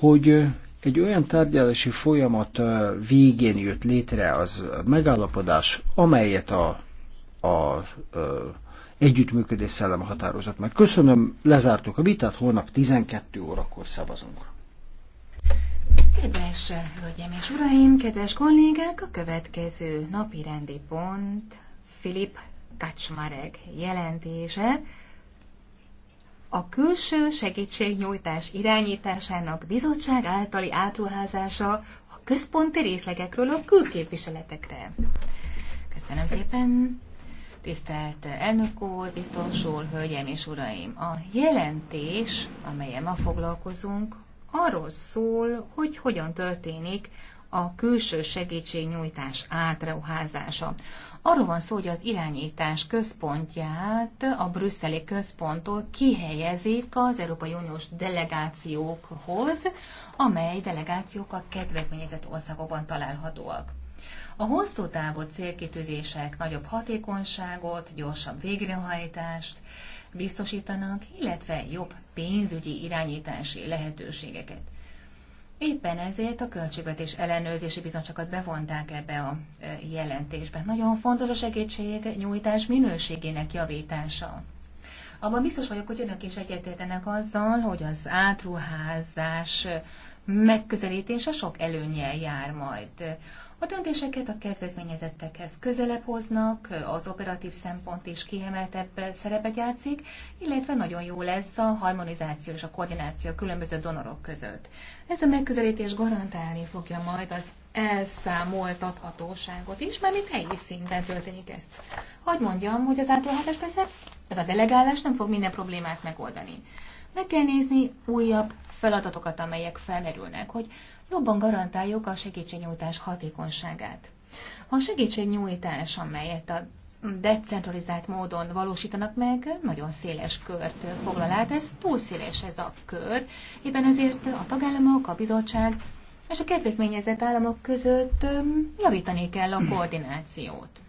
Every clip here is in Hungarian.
hogy egy olyan tárgyalási folyamat végén jött létre az megállapodás, amelyet a, a, a együttműködés szellem határozott meg. Köszönöm, lezártuk a vitát, holnap 12 órakor szavazunk. Kedves hölgyeim és uraim, kedves kollégák, a következő napi rendi pont Filip Kacsmarek jelentése, a külső segítségnyújtás irányításának bizottság általi átruházása a központi részlegekről a külképviseletekre. Köszönöm szépen! Tisztelt elnök úr, biztos úr, hölgyeim és uraim! A jelentés, amelyen ma foglalkozunk, arról szól, hogy hogyan történik a külső segítségnyújtás átruházása. Arról van szó, hogy az irányítás központját a brüsszeli központtól kihelyezik az Európai Uniós delegációkhoz, amely delegációk a kedvezményezett országokban találhatóak. A hosszú távú célkitűzések nagyobb hatékonyságot, gyorsabb végrehajtást biztosítanak, illetve jobb pénzügyi irányítási lehetőségeket. Éppen ezért a Költségvetés Ellenőrzési Bizottságot bevonták ebbe a jelentésbe. Nagyon fontos a segítségnyújtás minőségének javítása. Abban biztos vagyok, hogy önök is egyetértenek azzal, hogy az átruházás megközelítése sok előnyel jár majd. A döntéseket a kedvezményezettekhez közelebb hoznak, az operatív szempont is kiemeltebb szerepet játszik, illetve nagyon jó lesz a harmonizáció és a koordináció a különböző donorok között. Ez a megközelítés garantálni fogja majd az elszámoltathatóságot is, mert mi helyi szinten történik ezt. Hogy mondjam, hogy az átruházás persze, ez a delegálás nem fog minden problémát megoldani. Meg kell nézni újabb feladatokat, amelyek felmerülnek, hogy jobban garantáljuk a segítségnyújtás hatékonyságát. A segítségnyújtás, amelyet a decentralizált módon valósítanak meg, nagyon széles kört foglal át. Ez túl széles ez a kör. Éppen ezért a tagállamok, a bizottság és a kedvezményezett államok között javítani kell a koordinációt.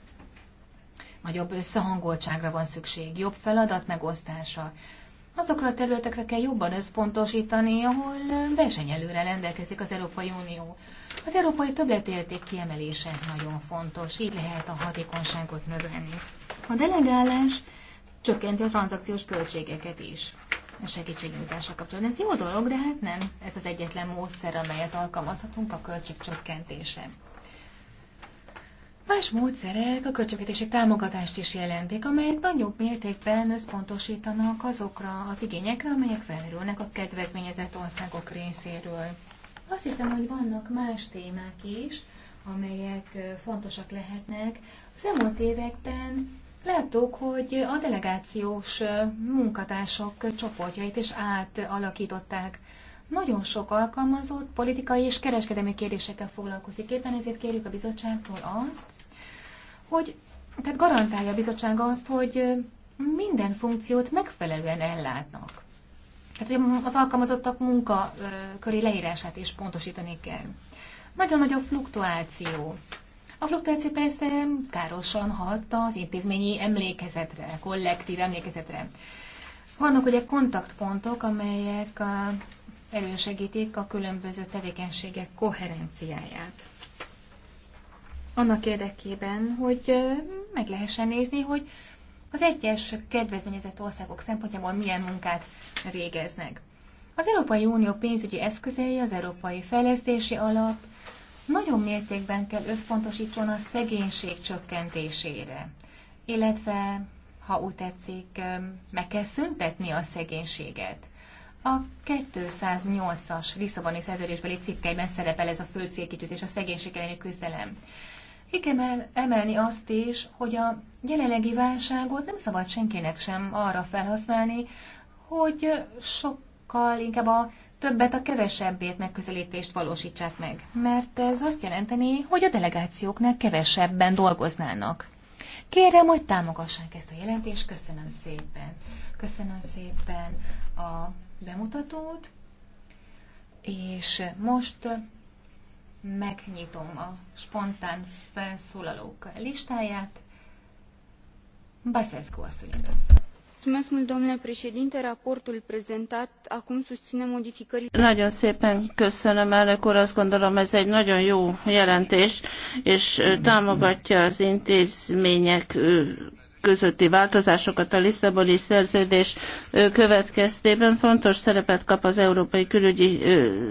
Nagyobb összehangoltságra van szükség, jobb feladat megosztása, azokra a területekre kell jobban összpontosítani, ahol versenyelőre rendelkezik az Európai Unió. Az európai többletérték kiemelése nagyon fontos, így lehet a hatékonyságot növelni. A delegálás csökkenti a tranzakciós költségeket is a segítségnyújtással kapcsolatban. Ez jó dolog, de hát nem ez az egyetlen módszer, amelyet alkalmazhatunk a költségcsökkentésre. Más módszerek a költségvetési támogatást is jelentik, amelyek nagyobb mértékben összpontosítanak azokra az igényekre, amelyek felmerülnek a kedvezményezett országok részéről. Azt hiszem, hogy vannak más témák is, amelyek fontosak lehetnek. Az elmúlt években láttuk, hogy a delegációs munkatársak csoportjait is átalakították. Nagyon sok alkalmazott politikai és kereskedelmi kérdésekkel foglalkozik. Éppen ezért kérjük a bizottságtól azt, hogy tehát garantálja a bizottság azt, hogy minden funkciót megfelelően ellátnak. Tehát hogy az alkalmazottak munka köré leírását is pontosítani kell. Nagyon nagy a fluktuáció. A fluktuáció persze károsan hat az intézményi emlékezetre, kollektív emlékezetre. Vannak ugye kontaktpontok, amelyek elősegítik a különböző tevékenységek koherenciáját annak érdekében, hogy meg lehessen nézni, hogy az egyes kedvezményezett országok szempontjából milyen munkát végeznek. Az Európai Unió pénzügyi eszközei, az Európai Fejlesztési Alap nagyon mértékben kell összpontosítson a szegénység csökkentésére, illetve, ha úgy tetszik, meg kell szüntetni a szegénységet. A 208-as Lisszaboni szerződésbeli cikkeiben szerepel ez a fő célkitűzés, a szegénység elleni küzdelem. Ki kell emelni azt is, hogy a jelenlegi válságot nem szabad senkinek sem arra felhasználni, hogy sokkal inkább a többet a kevesebbét megközelítést valósítsák meg, mert ez azt jelenteni, hogy a delegációknál kevesebben dolgoznának. Kérem, hogy támogassák ezt a jelentést, köszönöm szépen. Köszönöm szépen a bemutatót, és most megnyitom a spontán felszólalók listáját. Basescu asszony először. Raportul prezentat acum susține modificările. Nagyon szépen köszönöm, elnök úr, azt gondolom ez egy nagyon jó jelentés, és támogatja az intézmények közötti változásokat a Lisszaboni szerződés következtében fontos szerepet kap az Európai Külügyi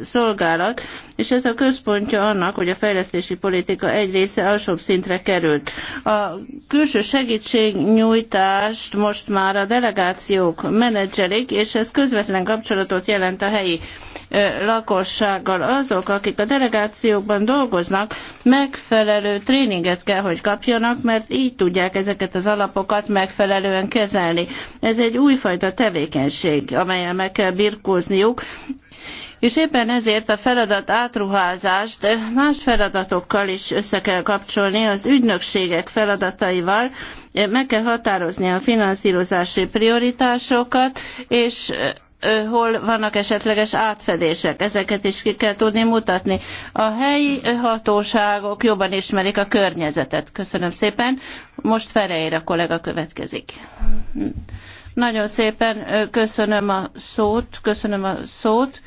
Szolgálat, és ez a központja annak, hogy a fejlesztési politika egy része alsóbb szintre került. A külső segítségnyújtást most már a delegációk menedzselik, és ez közvetlen kapcsolatot jelent a helyi lakossággal. Azok, akik a delegációkban dolgoznak, megfelelő tréninget kell, hogy kapjanak, mert így tudják ezeket az alapokat megfelelően kezelni. Ez egy újfajta tevékenység, amelyen meg kell birkózniuk, és éppen ezért a feladat átruházást más feladatokkal is össze kell kapcsolni az ügynökségek feladataival, meg kell határozni a finanszírozási prioritásokat, és hol vannak esetleges átfedések, ezeket is ki kell tudni mutatni. A helyi hatóságok jobban ismerik a környezetet. Köszönöm szépen. Most Ferreira kollega következik. Nagyon szépen köszönöm a szót, köszönöm a szót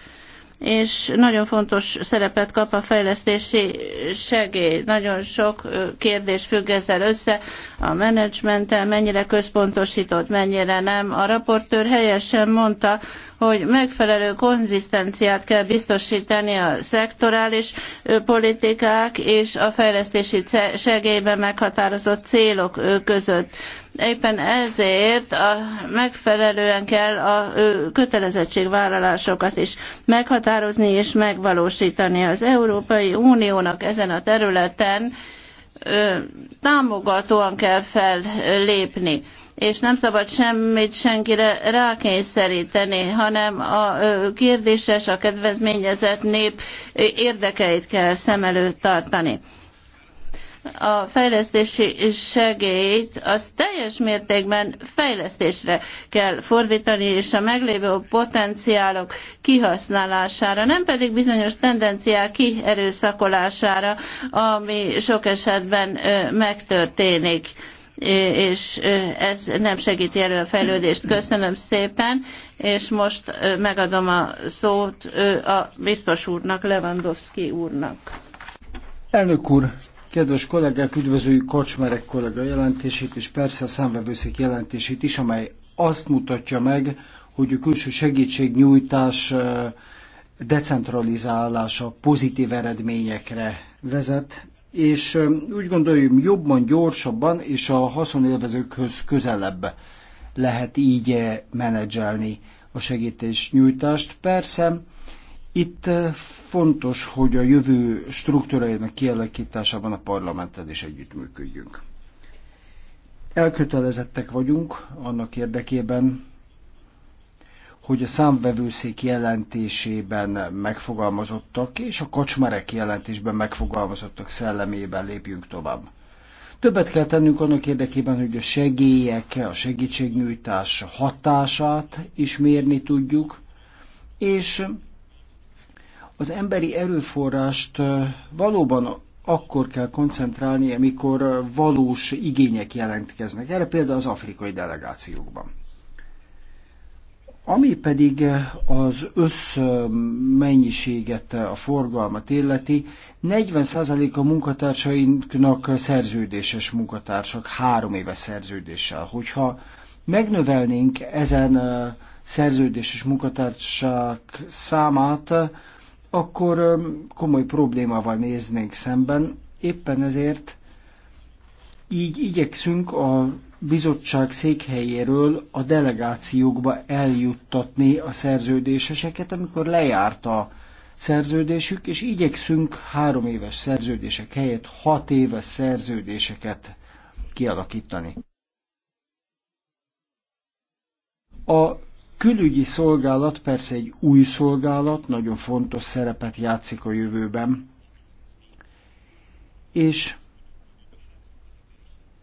és nagyon fontos szerepet kap a fejlesztési segély. Nagyon sok kérdés függ ezzel össze, a menedzsmenttel mennyire központosított, mennyire nem. A raportőr helyesen mondta, hogy megfelelő konzisztenciát kell biztosítani a szektorális politikák és a fejlesztési segélyben meghatározott célok között Éppen ezért a, megfelelően kell a kötelezettségvállalásokat is meghatározni és megvalósítani. Az Európai Uniónak ezen a területen támogatóan kell fellépni, és nem szabad semmit senkire rákényszeríteni, hanem a kérdéses, a kedvezményezett nép érdekeit kell szem előtt tartani a fejlesztési segélyt az teljes mértékben fejlesztésre kell fordítani, és a meglévő potenciálok kihasználására, nem pedig bizonyos tendenciák kierőszakolására, ami sok esetben megtörténik és ez nem segíti elő a fejlődést. Köszönöm szépen, és most megadom a szót a biztos úrnak, Lewandowski úrnak. Elnök úr, Kedves kollégák, üdvözöljük Kocsmerek kollega jelentését, és persze a számvevőszék jelentését is, amely azt mutatja meg, hogy a külső segítségnyújtás decentralizálása pozitív eredményekre vezet, és úgy gondoljuk, jobban, gyorsabban és a haszonélvezőkhöz közelebb lehet így menedzselni a segítésnyújtást. Persze itt eh, fontos, hogy a jövő struktúrájának kialakításában a parlamenttel is együttműködjünk. Elkötelezettek vagyunk annak érdekében, hogy a számvevőszék jelentésében megfogalmazottak és a kocsmerek jelentésben megfogalmazottak szellemében lépjünk tovább. Többet kell tennünk annak érdekében, hogy a segélyek, a segítségnyújtás hatását is mérni tudjuk, és az emberi erőforrást valóban akkor kell koncentrálni, amikor valós igények jelentkeznek. Erre például az afrikai delegációkban. Ami pedig az összmennyiséget, a forgalmat illeti, 40% a munkatársainknak szerződéses munkatársak, három éves szerződéssel. Hogyha megnövelnénk ezen szerződéses munkatársak számát, akkor komoly problémával néznénk szemben. Éppen ezért így igyekszünk a bizottság székhelyéről a delegációkba eljuttatni a szerződéseseket, amikor lejárt a szerződésük, és igyekszünk három éves szerződések helyett hat éves szerződéseket kialakítani. A külügyi szolgálat persze egy új szolgálat, nagyon fontos szerepet játszik a jövőben. És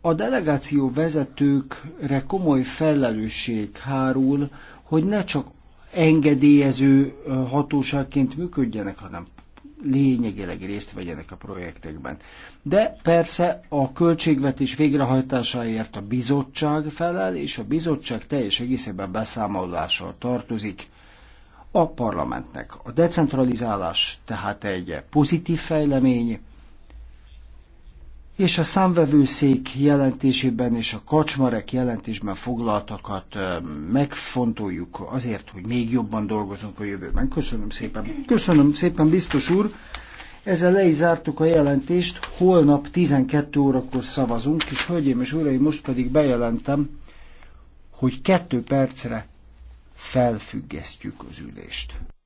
a delegáció vezetőkre komoly felelősség hárul, hogy ne csak engedélyező hatóságként működjenek, hanem lényegileg részt vegyenek a projektekben. De persze a költségvetés végrehajtásáért a bizottság felel, és a bizottság teljes egészében beszámolással tartozik a parlamentnek. A decentralizálás tehát egy pozitív fejlemény, és a számvevőszék jelentésében és a kacsmarek jelentésben foglaltakat megfontoljuk azért, hogy még jobban dolgozunk a jövőben. Köszönöm szépen. Köszönöm szépen, biztos úr. Ezzel le is zártuk a jelentést, holnap 12 órakor szavazunk, és hölgyeim és uraim, most pedig bejelentem, hogy kettő percre felfüggesztjük az ülést.